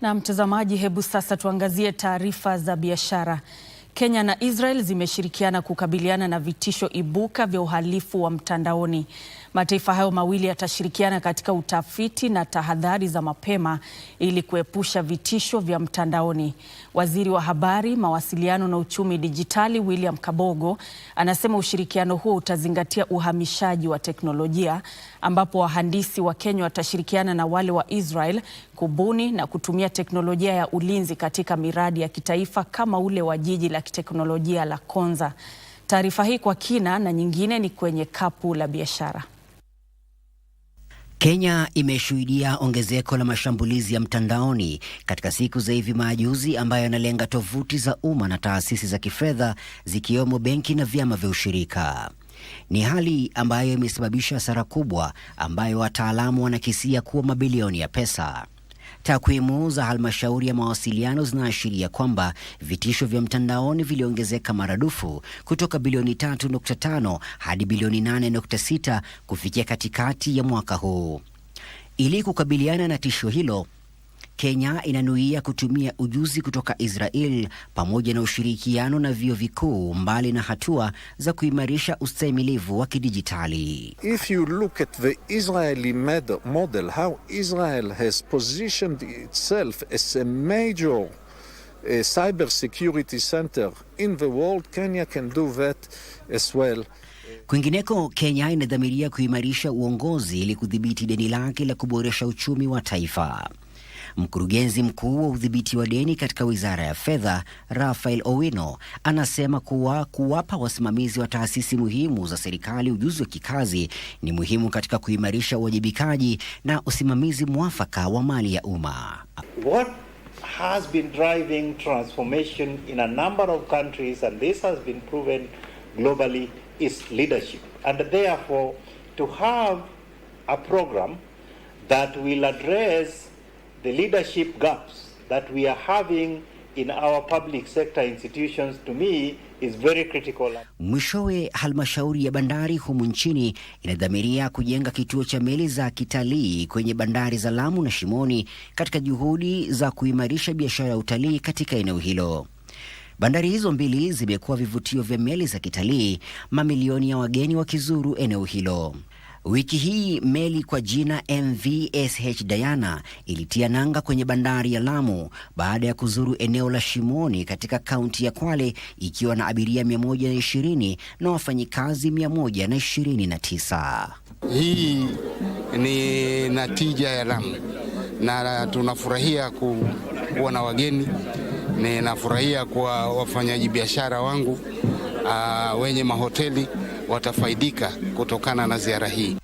Na mtazamaji, hebu sasa tuangazie taarifa za biashara. Kenya na Israel zimeshirikiana kukabiliana na vitisho ibuka vya uhalifu wa mtandaoni. Mataifa hayo mawili yatashirikiana katika utafiti na tahadhari za mapema ili kuepusha vitisho vya mtandaoni. Waziri wa Habari, Mawasiliano na Uchumi Dijitali William Kabogo anasema ushirikiano huo utazingatia uhamishaji wa teknolojia ambapo wahandisi wa Kenya watashirikiana na wale wa Israel kubuni na kutumia teknolojia ya ulinzi katika miradi ya kitaifa kama ule wa jiji la kiteknolojia la Konza. Taarifa hii kwa kina na nyingine ni kwenye Kapu la Biashara. Kenya imeshuhudia ongezeko la mashambulizi ya mtandaoni katika siku za hivi majuzi ambayo yanalenga tovuti za umma na taasisi za kifedha zikiwemo benki na vyama vya ushirika. Ni hali ambayo imesababisha hasara kubwa ambayo wataalamu wanakisia kuwa mabilioni ya pesa. Takwimu za halmashauri ya mawasiliano zinaashiria kwamba vitisho vya mtandaoni viliongezeka maradufu kutoka bilioni 3.5 hadi bilioni 8.6 kufikia katikati ya mwaka huu. Ili kukabiliana na tisho hilo Kenya inanuia kutumia ujuzi kutoka Israel pamoja na ushirikiano na vyuo vikuu, mbali na hatua za kuimarisha ustahimilivu wa kidijitali. If you look at the Israeli model, how Israel has positioned itself as a major A cyber security center in the world, Kenya can do that as well. Kwingineko, Kenya inadhamiria kuimarisha uongozi ili kudhibiti deni lake la kuboresha uchumi wa taifa. Mkurugenzi mkuu wa udhibiti wa deni katika wizara ya fedha, Rafael Owino, anasema kuwa kuwapa wasimamizi wa taasisi muhimu za serikali ujuzi wa kikazi ni muhimu katika kuimarisha uwajibikaji na usimamizi mwafaka wa mali ya umma. That will address the leadership gaps that we are having in our public sector institutions to me is very critical. Mwishowe, halmashauri ya bandari humu nchini inadhamiria kujenga kituo cha meli za kitalii kwenye bandari za Lamu na Shimoni katika juhudi za kuimarisha biashara ya utalii katika eneo hilo. Bandari hizo mbili zimekuwa vivutio vya meli za kitalii, mamilioni ya wageni wakizuru eneo hilo. Wiki hii meli kwa jina MV SH Diana ilitia nanga kwenye bandari ya Lamu baada ya kuzuru eneo la Shimoni katika kaunti ya Kwale ikiwa na abiria 120 na wafanyikazi 129. Hii ni natija ya Lamu na tunafurahia kuwa na wageni, ninafurahia kwa wafanyaji biashara wangu uh, wenye mahoteli watafaidika kutokana na ziara hii.